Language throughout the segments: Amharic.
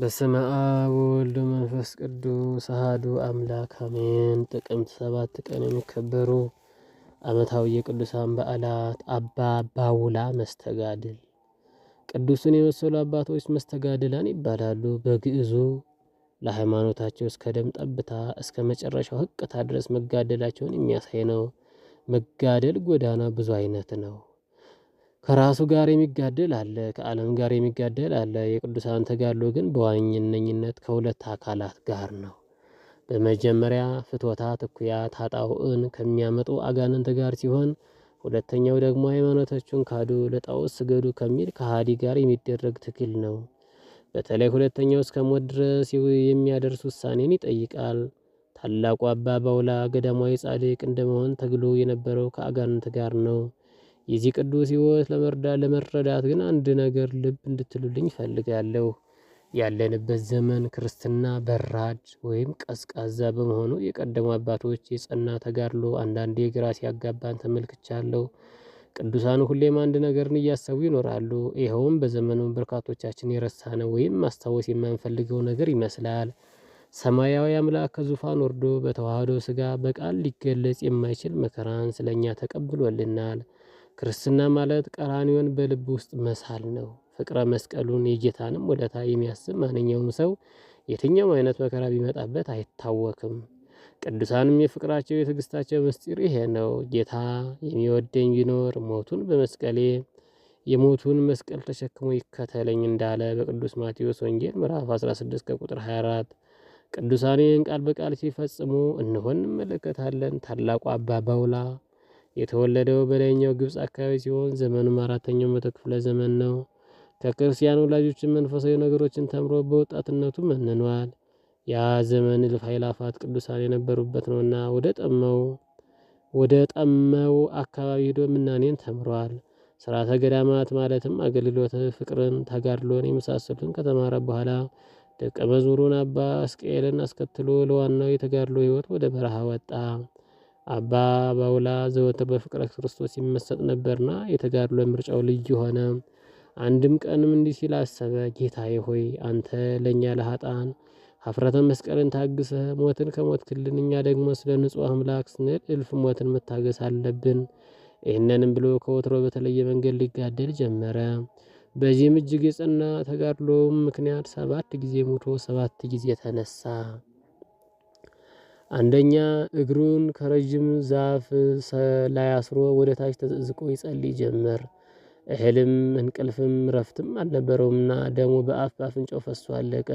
በስመ አብ ወወልድ መንፈስ ቅዱስ አሐዱ አምላክ አሜን። ጥቅምት ሰባት ቀን የሚከበሩ ዓመታዊ የቅዱሳን በዓላት አባ ባውላ መስተጋድል። ቅዱሱን የመሰሉ አባቶች መስተጋድላን ይባላሉ። በግዕዙ ለሃይማኖታቸው እስከ ደም ጠብታ እስከ መጨረሻው ህቅታ ድረስ መጋደላቸውን የሚያሳይ ነው። መጋደል ጎዳና ብዙ አይነት ነው። ከራሱ ጋር የሚጋደል አለ፣ ከዓለም ጋር የሚጋደል አለ። የቅዱሳን ተጋድሎ ግን በዋነኝነት ከሁለት አካላት ጋር ነው። በመጀመሪያ ፍትወታ ትኩያ ኃጣውእን ከሚያመጡ አጋንንት ጋር ሲሆን ሁለተኛው ደግሞ ሃይማኖቶቹን ካዱ ለጣዖት ስገዱ ከሚል ከሃዲ ጋር የሚደረግ ትግል ነው። በተለይ ሁለተኛው እስከ ሞት ድረስ የሚያደርስ ውሳኔን ይጠይቃል። ታላቁ አባ ባውላ ገዳማዊ ጻድቅ እንደመሆን ተግሎ የነበረው ከአጋንንት ጋር ነው። የዚህ ቅዱስ ህይወት ለመርዳት ለመረዳት ግን አንድ ነገር ልብ እንድትሉልኝ ይፈልጋለሁ ያለንበት ዘመን ክርስትና በራድ ወይም ቀዝቃዛ በመሆኑ የቀደሙ አባቶች የጸና ተጋድሎ አንዳንዴ ግራ ሲያጋባን ተመልክቻለሁ። ቅዱሳኑ ሁሌም አንድ ነገርን እያሰቡ ይኖራሉ። ይኸውም በዘመኑ በርካቶቻችን የረሳነው ወይም ማስታወስ የማንፈልገው ነገር ይመስላል። ሰማያዊ አምላክ ከዙፋን ወርዶ በተዋህዶ ስጋ በቃል ሊገለጽ የማይችል መከራን ስለኛ ተቀብሎልናል። ክርስትና ማለት ቀራንዮን በልብ ውስጥ መሳል ነው። ፍቅረ መስቀሉን የጌታንም ወደታ የሚያስብ ማንኛውም ሰው የትኛውም አይነት መከራ ቢመጣበት አይታወክም። ቅዱሳንም የፍቅራቸው የትዕግስታቸው ምስጢር ይሄ ነው። ጌታ የሚወደኝ ቢኖር ሞቱን በመስቀሌ የሞቱን መስቀል ተሸክሞ ይከተለኝ እንዳለ በቅዱስ ማቴዎስ ወንጌል ምዕራፍ 16 ከቁጥር 24። ቅዱሳንን ቃል በቃል ሲፈጽሙ እንሆን እንመለከታለን። ታላቁ አባ ባውላ የተወለደው በላይኛው ግብፅ አካባቢ ሲሆን ዘመኑም አራተኛው መቶ ክፍለ ዘመን ነው። ከክርስቲያን ወላጆችን መንፈሳዊ ነገሮችን ተምሮ በወጣትነቱ መንኗል። ያ ዘመን እልፍ ኃይላፋት ቅዱሳን የነበሩበት ነውና ወደ ጠመው ወደ ጠመው አካባቢ ሄዶ ምናኔን ተምሯል። ስርዓተ ገዳማት ማለትም አገልግሎት፣ ፍቅርን፣ ተጋድሎን የመሳሰሉትን ከተማረ በኋላ ደቀ መዝሙሩን አባ አስቅኤልን አስከትሎ ለዋናው የተጋድሎ ህይወት ወደ በረሃ ወጣ። አባ ባውላ ዘወትር በፍቅረ ክርስቶስ ይመሰጥ ነበርና የተጋድሎ ምርጫው ልዩ ሆነ። አንድም ቀንም እንዲህ ሲል አሰበ፣ ጌታዬ ሆይ አንተ ለእኛ ለሀጣን ሀፍረተ መስቀልን ታግሰህ ሞትን ከሞት ክልን እኛ ደግሞ ስለ ንጹሕ አምላክ ስንል እልፍ ሞትን መታገስ አለብን። ይህንንም ብሎ ከወትሮ በተለየ መንገድ ሊጋደል ጀመረ። በዚህም እጅግ የጸና ተጋድሎም ምክንያት ሰባት ጊዜ ሙቶ ሰባት ጊዜ ተነሳ። አንደኛ እግሩን ከረጅም ዛፍ ላይ አስሮ ወደ ታች ተዘቅዝቆ ይጸልይ ጀመር። እህልም እንቅልፍም ረፍትም አልነበረውምና ደሙ በአፍ አፍንጫው ፈሶ አለቀ።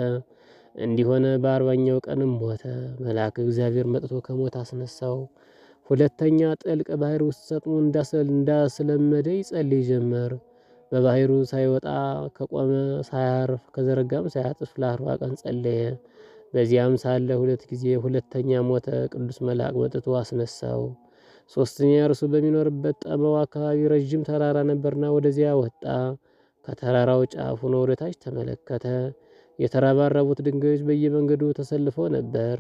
እንዲሆነ በአርባኛው ቀንም ሞተ። መልአክ እግዚአብሔር መጥቶ ከሞት አስነሳው። ሁለተኛ ጥልቅ ባህር ውስጥ ሰጥሞ እንዳስለመደ ይጸልይ ጀመር። በባህሩ ሳይወጣ ከቆመ ሳያርፍ ከዘረጋም ሳያጥፍ ለአርባ ቀን ጸለየ። በዚያም ሳለ ሁለት ጊዜ ሁለተኛ ሞተ። ቅዱስ መልአክ መጥቶ አስነሳው። ሶስተኛ እርሱ በሚኖርበት ጠመው አካባቢ ረዥም ተራራ ነበርና ወደዚያ ወጣ። ከተራራው ጫፍ ሆኖ ወደታች ተመለከተ። የተረባረቡት ድንጋዮች በየመንገዱ ተሰልፈው ነበር።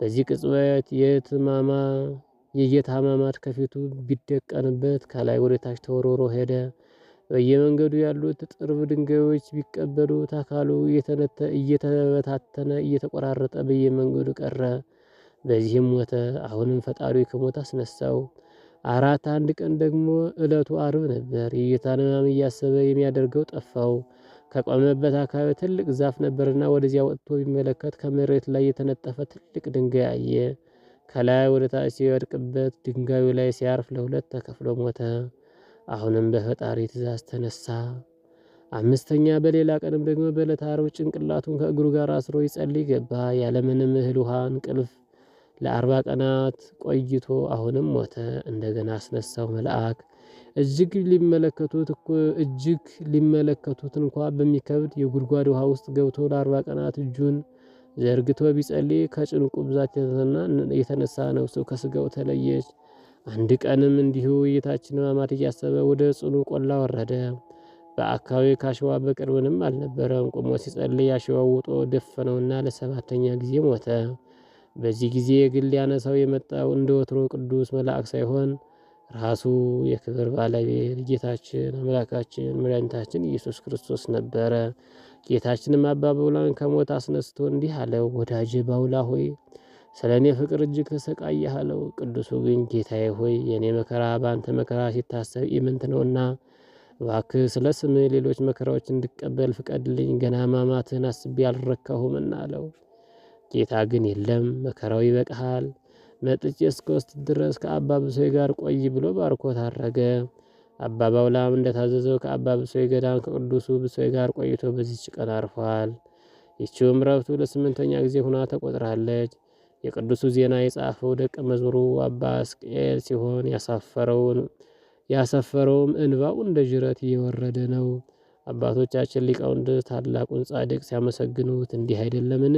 በዚህ ቅጽበት የትማማ የየታማማት ከፊቱ ቢደቀንበት ከላይ ወደታች ተወርውሮ ሄደ። በየመንገዱ ያሉት ጥርብ ድንጋዮች ቢቀበሉት አካሉ እየተበታተነ እየተቆራረጠ በየመንገዱ ቀረ። በዚህም ሞተ። አሁንም ፈጣሪ ከሞት አስነሳው። አራት አንድ ቀን ደግሞ እለቱ አርብ ነበር። የጌታን ሕማም እያሰበ የሚያደርገው ጠፋው። ከቆመበት አካባቢ ትልቅ ዛፍ ነበርና ወደዚያ ወጥቶ ቢመለከት ከመሬት ላይ የተነጠፈ ትልቅ ድንጋይ አየ። ከላይ ወደ ታች ሲወድቅበት ድንጋዩ ላይ ሲያርፍ ለሁለት ተከፍሎ ሞተ። አሁንም በፈጣሪ ትእዛዝ ተነሳ። አምስተኛ በሌላ ቀንም ደግሞ በዕለተ ዓርብ ጭንቅላቱን ከእግሩ ጋር አስሮ ይጸልይ ገባ። ያለምንም እህል ውሃ እንቅልፍ ለአርባ ቀናት ቆይቶ አሁንም ሞተ። እንደገና አስነሳው መልአክ እጅግ ሊመለከቱት እጅግ ሊመለከቱት እንኳ በሚከብድ የጉድጓድ ውሃ ውስጥ ገብቶ ለአርባ ቀናት እጁን ዘርግቶ ቢጸልይ ከጭንቁ ብዛት የተነሳ ነፍሱ ከስጋው ተለየች። አንድ ቀንም እንዲሁ ጌታችንን ማማት እያሰበ ወደ ጽኑ ቆላ ወረደ። በአካባቢው ከአሸዋ በቅርብንም አልነበረም። ቆሞ ሲጸልይ አሸዋ ውጦ ደፈነውና ለሰባተኛ ጊዜ ሞተ። በዚህ ጊዜ ግል ያነሳው የመጣው እንደ ወትሮ ቅዱስ መልአክ ሳይሆን ራሱ የክብር ባለቤት ጌታችን አምላካችን መድኃኒታችን ኢየሱስ ክርስቶስ ነበረ። ጌታችንም አባ ከሞት አስነስቶ እንዲህ አለው፣ ወዳጄ ባውላ ሆይ ስለ እኔ ፍቅር እጅግ ተሰቃየሃለው። ቅዱሱ ግን ጌታዬ ሆይ የእኔ መከራ በአንተ መከራ ሲታሰብ ኢምንት ነውና እባክህ ስለ ስምህ ሌሎች መከራዎች እንድቀበል ፍቀድልኝ፣ ገና ማማትህን አስቤ አልረካሁምና አለው። ጌታ ግን የለም መከራው ይበቃሃል፣ መጥቼ እስከ ውስጥ ድረስ ከአባ ብሶይ ጋር ቆይ ብሎ ባርኮት አረገ አባ ባውላም እንደታዘዘው ከአባ ብሶይ ገዳም ከቅዱሱ ብሶይ ጋር ቆይቶ በዚች ቀን አርፏል። ይችውም ረብቱ ለስምንተኛ ጊዜ ሁና ተቆጥራለች። የቅዱሱ ዜና የጻፈው ደቀ መዝሙሩ አባ ሕዝቅኤል ሲሆን ያሰፈረውም እንባው እንደ ጅረት እየወረደ ነው። አባቶቻችን ሊቃውንት ታላቁን ጻድቅ ሲያመሰግኑት እንዲህ አይደለምን?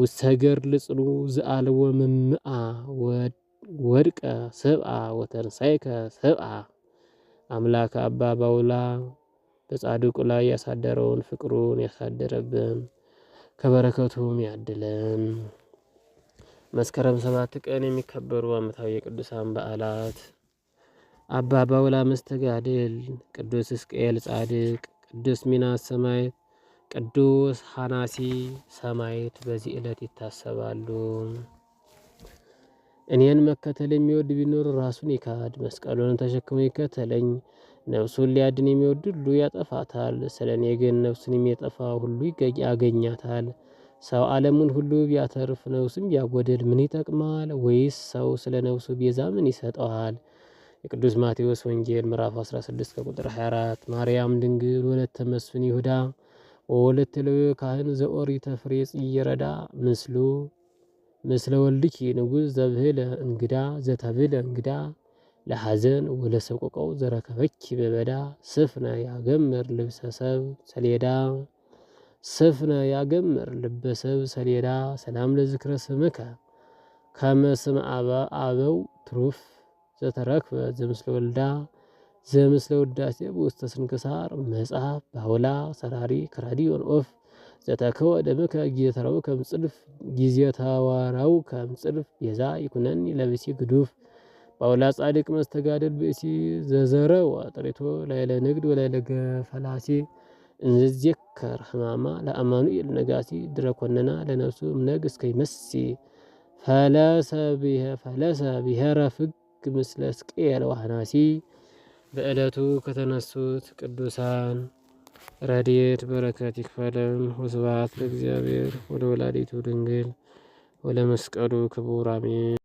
ውሰገር ልጽኑ ዘአልወ ምምአ ወድቀ ሰብአ ወተንሳይከ ሰብአ። አምላክ አባ ባውላ በጻድቁ ላይ ያሳደረውን ፍቅሩን ያሳደረብን ከበረከቱም ያድለን። መስከረም ሰባት ቀን የሚከበሩ ዓመታዊ የቅዱሳን በዓላት አባ ባውላ መስተጋድል፣ ቅዱስ እስቅኤል ጻድቅ፣ ቅዱስ ሚናስ ሰማይት ቅዱስ ሐናሲ ሰማይት በዚህ ዕለት ይታሰባሉ። እኔን መከተል የሚወድ ቢኖር ራሱን ይካድ፣ መስቀሉን ተሸክሞ ይከተለኝ። ነፍሱን ሊያድን የሚወድ ሁሉ ያጠፋታል፣ ስለ እኔ ግን ነፍሱን የሚያጠፋ ሁሉ ያገኛታል። ሰው ዓለሙን ሁሉ ቢያተርፍ ነፍሱን ቢያጎድል ምን ይጠቅማል? ወይስ ሰው ስለ ነፍሱ ቤዛ ምን ይሰጠዋል? የቅዱስ ማቴዎስ ወንጌል ምዕራፍ 16 ከቁጥር 24 ማርያም ድንግል ወለተ መስፍን ይሁዳ ወለተ ሌዊ ካህን ዘኦሪተ ፍሬ ጽጌረዳ ምስሉ ምስለ ወልድኪ ንጉሥ ዘብህለ እንግዳ ዘተብህለ እንግዳ ለሐዘን ወለሰቆቃው ዘረከበኪ በበዳ ስፍነ ያገምር ልብሰ ሰብ ሰሌዳ ስፍነ ያገምር ልበሰብ ሰሌዳ ሰላም ለዝክረ ስምከ ስም አበው ትሩፍ ዘተረክበ ዘምስለ ወልዳ ዘምስለ ውዳሴ በውስተ ስንክሳር መጽሐፍ ባውላ ሰራሪ ከራዲዮን ኦፍ ዘተከወ ደምከ ጊዜ ተዋራው ከም ከምጽድፍ ቤዛ ይኩነኒ ለብሲ ግዱፍ ባውላ ጻድቅ መስተጋደል ብእሲ ዘዘረ ወጥሪቶ ላይለ ንግድ ወላይለ ገፈላሴ እንዝዜከር ህማማ ለአማኑኤል ነጋሲ ድረኮነና ለነብሱ እምነግስ ከይመሲ ፈለሰ ብሔረ ፍግ ምስለ ሕዝቅኤል ዋህናሲ። በዕለቱ ከተነሱት ቅዱሳን ረድኤት በረከት ይክፈለን። ወስብሐት ለእግዚአብሔር ወለወላዲቱ ድንግል ወለመስቀሉ ክቡር አሜን።